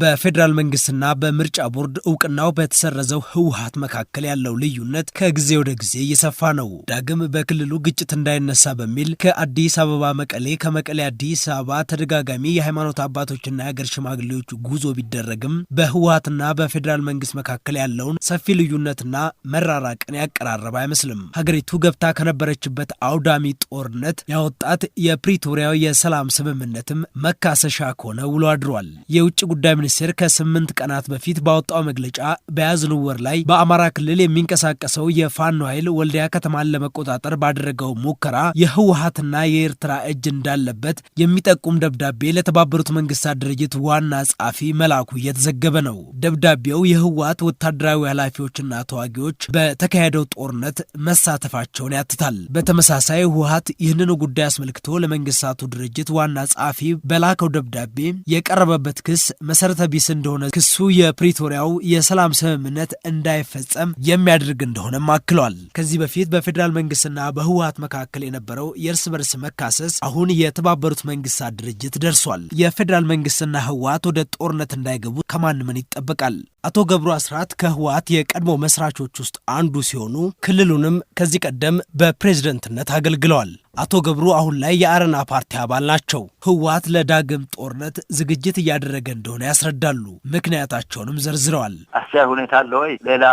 በፌዴራል መንግስትና በምርጫ ቦርድ እውቅናው በተሰረዘው ህወሀት መካከል ያለው ልዩነት ከጊዜ ወደ ጊዜ እየሰፋ ነው። ዳግም በክልሉ ግጭት እንዳይነሳ በሚል ከአዲስ አበባ መቀሌ፣ ከመቀሌ አዲስ አበባ ተደጋጋሚ የሃይማኖት አባቶችና የሀገር ሽማግሌዎች ጉዞ ቢደረግም በህወሀትና በፌዴራል መንግስት መካከል ያለውን ሰፊ ልዩነትና መራራቅን ያቀራረበ አይመስልም። ሀገሪቱ ገብታ ከነበረችበት አውዳሚ ጦርነት ያወጣት የፕሪቶሪያው የሰላም ስምምነትም መካሰሻ ከሆነ ውሎ አድሯል። የውጭ ጉዳይ ሚኒስቴር ከስምንት ቀናት በፊት ባወጣው መግለጫ በያዝነው ወር ላይ በአማራ ክልል የሚንቀሳቀሰው የፋኖ ኃይል ወልዲያ ከተማን ለመቆጣጠር ባደረገው ሙከራ የህወሀትና የኤርትራ እጅ እንዳለበት የሚጠቁም ደብዳቤ ለተባበሩት መንግስታት ድርጅት ዋና ጸሐፊ መላኩ እየተዘገበ ነው። ደብዳቤው የህወሀት ወታደራዊ ኃላፊዎችና ተዋጊዎች በተካሄደው ጦርነት መሳተፋቸውን ያትታል። በተመሳሳይ ህወሀት ይህንኑ ጉዳይ አስመልክቶ ለመንግስታቱ ድርጅት ዋና ጸሐፊ በላከው ደብዳቤ የቀረበበት ክስ መሰረ መሰረተ ቢስ እንደሆነ ክሱ የፕሪቶሪያው የሰላም ስምምነት እንዳይፈጸም የሚያደርግ እንደሆነም አክሏል። ከዚህ በፊት በፌዴራል መንግስትና በህወሀት መካከል የነበረው የእርስ በርስ መካሰስ አሁን የተባበሩት መንግስታት ድርጅት ደርሷል። የፌዴራል መንግስትና ህወሀት ወደ ጦርነት እንዳይገቡ ከማን ምን ይጠበቃል? አቶ ገብሩ አስራት ከህወሓት የቀድሞ መስራቾች ውስጥ አንዱ ሲሆኑ ክልሉንም ከዚህ ቀደም በፕሬዝደንትነት አገልግለዋል። አቶ ገብሩ አሁን ላይ የአረና ፓርቲ አባል ናቸው። ህወሓት ለዳግም ጦርነት ዝግጅት እያደረገ እንደሆነ ያስረዳሉ። ምክንያታቸውንም ዘርዝረዋል። አስቻይ ሁኔታ አለ ወይ ሌላ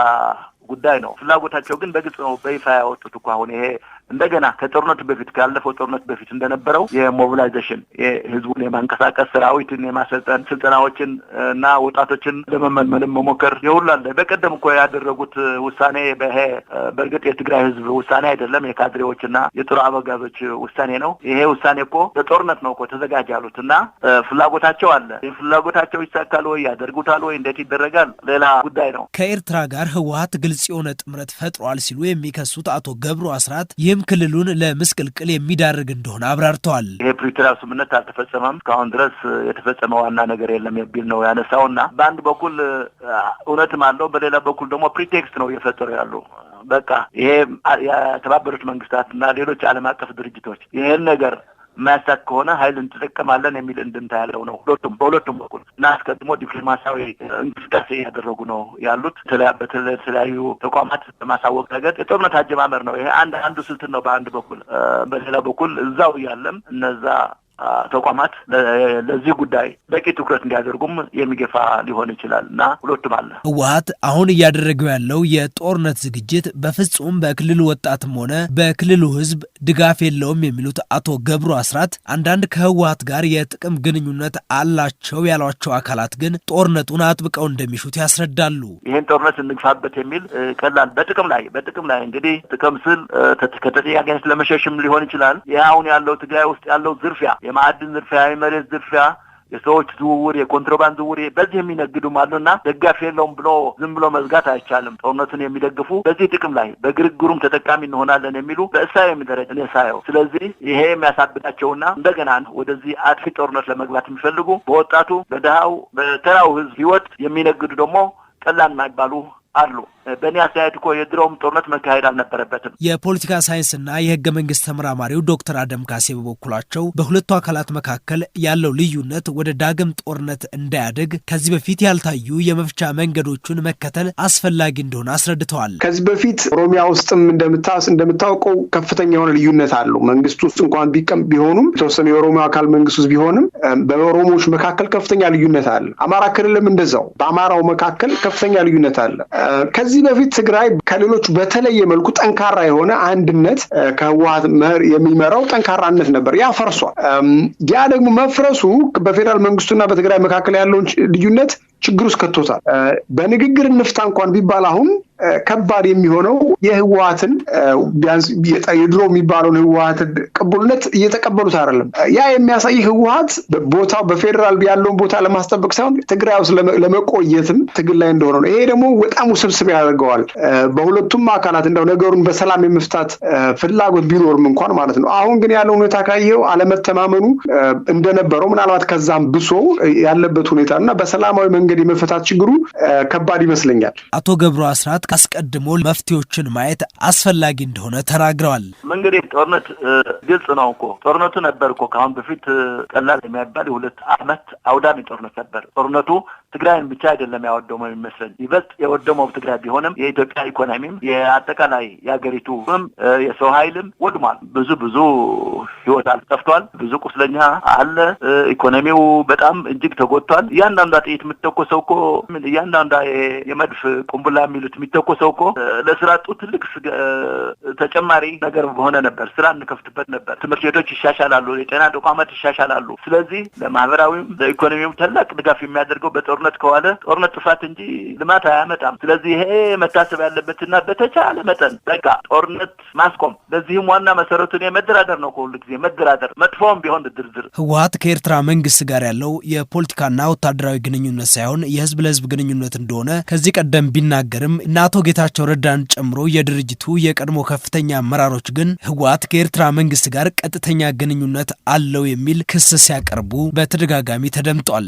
ጉዳይ ነው። ፍላጎታቸው ግን በግልጽ ነው፣ በይፋ ያወጡት እኮ አሁን ይሄ እንደገና ከጦርነት በፊት ካለፈው ጦርነት በፊት እንደነበረው የሞቢላይዜሽን የህዝቡን የማንቀሳቀስ ሰራዊትን የማሰልጠን ስልጠናዎችን እና ወጣቶችን ለመመልመልም መሞከር የሁሉ አለ። በቀደም እኮ ያደረጉት ውሳኔ በይሄ በእርግጥ የትግራይ ህዝብ ውሳኔ አይደለም፣ የካድሬዎችና የጦር አበጋዞች ውሳኔ ነው። ይሄ ውሳኔ እኮ ለጦርነት ነው እኮ ተዘጋጅ ያሉት እና ፍላጎታቸው አለ። ፍላጎታቸው ይሳካል ወይ ያደርጉታል ወይ እንዴት ይደረጋል ሌላ ጉዳይ ነው። ከኤርትራ ጋር ህወሀት ግልጽ የሆነ ጥምረት ፈጥሯል ሲሉ የሚከሱት አቶ ገብሩ አስራት ይህ ይህም ክልሉን ለምስቅልቅል የሚዳርግ እንደሆነ አብራርተዋል። ይሄ ፕሪቶሪያ ስምምነት አልተፈጸመም፣ እስካሁን ድረስ የተፈጸመ ዋና ነገር የለም የሚል ነው ያነሳውና በአንድ በኩል እውነትም አለው፣ በሌላ በኩል ደግሞ ፕሪቴክስት ነው እየፈጠሩ ያሉ በቃ ይሄ የተባበሩት መንግስታትና ሌሎች ዓለም አቀፍ ድርጅቶች ይህን ነገር የማያሳክ ከሆነ ኃይል እንጠቀማለን የሚል እንድምታ ያለው ነው። ሁለቱም በሁለቱም በኩል እና አስቀድሞ ዲፕሎማሲያዊ እንቅስቃሴ እያደረጉ ነው ያሉት በተለያዩ ተቋማት በማሳወቅ ረገድ የጦርነት አጀማመር ነው ይሄ አንድ አንዱ ስልትን ነው በአንድ በኩል በሌላ በኩል እዛው እያለም እነዛ ተቋማት ለዚህ ጉዳይ በቂ ትኩረት እንዲያደርጉም የሚገፋ ሊሆን ይችላል እና ሁለቱም አለ። ህወሀት አሁን እያደረገው ያለው የጦርነት ዝግጅት በፍጹም በክልሉ ወጣትም ሆነ በክልሉ ህዝብ ድጋፍ የለውም የሚሉት አቶ ገብሩ አስራት አንዳንድ ከህወሀት ጋር የጥቅም ግንኙነት አላቸው ያሏቸው አካላት ግን ጦርነቱን አጥብቀው እንደሚሹት ያስረዳሉ። ይህን ጦርነት እንግፋበት የሚል ቀላል በጥቅም ላይ በጥቅም ላይ እንግዲህ ጥቅም ስል ከተጠያቂነት ለመሸሽም ሊሆን ይችላል። ይህ አሁን ያለው ትግራይ ውስጥ ያለው ዝርፊያ የማዕድን ዝርፊያ፣ የመሬት ዝርፊያ፣ የሰዎች ዝውውር፣ የኮንትሮባንድ ዝውውር በዚህ የሚነግዱም አሉና ደጋፊ የለውም ብሎ ዝም ብሎ መዝጋት አይቻልም። ጦርነቱን የሚደግፉ በዚህ ጥቅም ላይ በግርግሩም ተጠቃሚ እንሆናለን የሚሉ በእሳዊ የሚደረጅ እኔ ሳየው፣ ስለዚህ ይሄ የሚያሳብዳቸውና እንደገና ወደዚህ አጥፊ ጦርነት ለመግባት የሚፈልጉ በወጣቱ፣ በድሃው፣ በተራው ህዝብ ህይወት የሚነግዱ ደግሞ ቀላል የማይባሉ አሉ። በእኔ አስተያየት እኮ የድሮውም ጦርነት መካሄድ አልነበረበትም። የፖለቲካ ሳይንስና የህገ መንግስት ተመራማሪው ዶክተር አደም ካሴ በበኩላቸው በሁለቱ አካላት መካከል ያለው ልዩነት ወደ ዳግም ጦርነት እንዳያደግ ከዚህ በፊት ያልታዩ የመፍቻ መንገዶችን መከተል አስፈላጊ እንደሆነ አስረድተዋል። ከዚህ በፊት ኦሮሚያ ውስጥም እንደምታስ እንደምታውቀው ከፍተኛ የሆነ ልዩነት አለው። መንግስት ውስጥ እንኳን ቢቀም ቢሆኑም የተወሰነ የኦሮሚያ አካል መንግስት ውስጥ ቢሆንም በኦሮሞዎች መካከል ከፍተኛ ልዩነት አለ። አማራ ክልልም እንደዛው በአማራው መካከል ከፍተኛ ልዩነት አለ። ከዚህ በፊት ትግራይ ከሌሎች በተለየ መልኩ ጠንካራ የሆነ አንድነት ከህወሀት የሚመራው ጠንካራነት ነበር። ያ ፈርሷል። ያ ደግሞ መፍረሱ በፌዴራል መንግስቱና በትግራይ መካከል ያለውን ልዩነት ችግር ውስጥ ከቶታል። በንግግር እንፍታ እንኳን ቢባል አሁን ከባድ የሚሆነው የህወሀትን ቢያንስ የድሮ የሚባለውን ህወሀትን ቅቡልነት እየተቀበሉት አይደለም። ያ የሚያሳይ ህወሀት ቦታው በፌዴራል ያለውን ቦታ ለማስጠበቅ ሳይሆን ትግራይ ውስጥ ለመቆየትም ትግል ላይ እንደሆነ ነው። ይሄ ደግሞ በጣም ውስብስብ ያደርገዋል። በሁለቱም አካላት እንደው ነገሩን በሰላም የመፍታት ፍላጎት ቢኖርም እንኳን ማለት ነው። አሁን ግን ያለው ሁኔታ ካየው አለመተማመኑ እንደነበረው ምናልባት ከዛም ብሶ ያለበት ሁኔታ እና በሰላማዊ መንገድ የመፈታት ችግሩ ከባድ ይመስለኛል። አቶ ገብሩ አስራት አስቀድሞ መፍትሄዎችን ማየት አስፈላጊ እንደሆነ ተናግረዋል። እንግዲህ ጦርነት ግልጽ ነው እኮ ጦርነቱ ነበር እኮ ከአሁን በፊት ቀላል የሚያባል የሁለት አመት አውዳሚ ጦርነት ነበር ጦርነቱ ትግራይን ብቻ አይደለም ያወደመው የሚመስለን ይበልጥ የወደመው ትግራይ ቢሆንም የኢትዮጵያ ኢኮኖሚም የአጠቃላይ ም የሰው ኃይልም ወድሟል። ብዙ ብዙ ህይወት አልጠፍቷል። ብዙ ቁስለኛ አለ። ኢኮኖሚው በጣም እጅግ ተጎድቷል። እያንዳንዷ ጥይት የምትተኮሰው እኮ እያንዳንዷ የመድፍ ቁንቡላ የሚሉት የሚተኮሰው እኮ ለስራ ጡ ትልቅ ተጨማሪ ነገር በሆነ ነበር። ስራ እንከፍትበት ነበር። ትምህርት ቤቶች ይሻሻላሉ። የጤና ተቋማት ይሻሻላሉ። ስለዚህ ለማህበራዊም ለኢኮኖሚውም ታላቅ ድጋፍ የሚያደርገው በጦር ጦርነት ከዋለ ጦርነት ጥፋት እንጂ ልማት አያመጣም። ስለዚህ ይሄ መታሰብ ያለበትና በተቻለ መጠን በቃ ጦርነት ማስቆም፣ በዚህም ዋና መሰረቱን መደራደር ነው። ከሁሉ ጊዜ መደራደር መጥፎም ቢሆን ድርድር። ህወሀት ከኤርትራ መንግስት ጋር ያለው የፖለቲካና ወታደራዊ ግንኙነት ሳይሆን የህዝብ ለህዝብ ግንኙነት እንደሆነ ከዚህ ቀደም ቢናገርም እነ አቶ ጌታቸው ረዳን ጨምሮ የድርጅቱ የቀድሞ ከፍተኛ አመራሮች ግን ህወሀት ከኤርትራ መንግስት ጋር ቀጥተኛ ግንኙነት አለው የሚል ክስ ሲያቀርቡ በተደጋጋሚ ተደምጧል።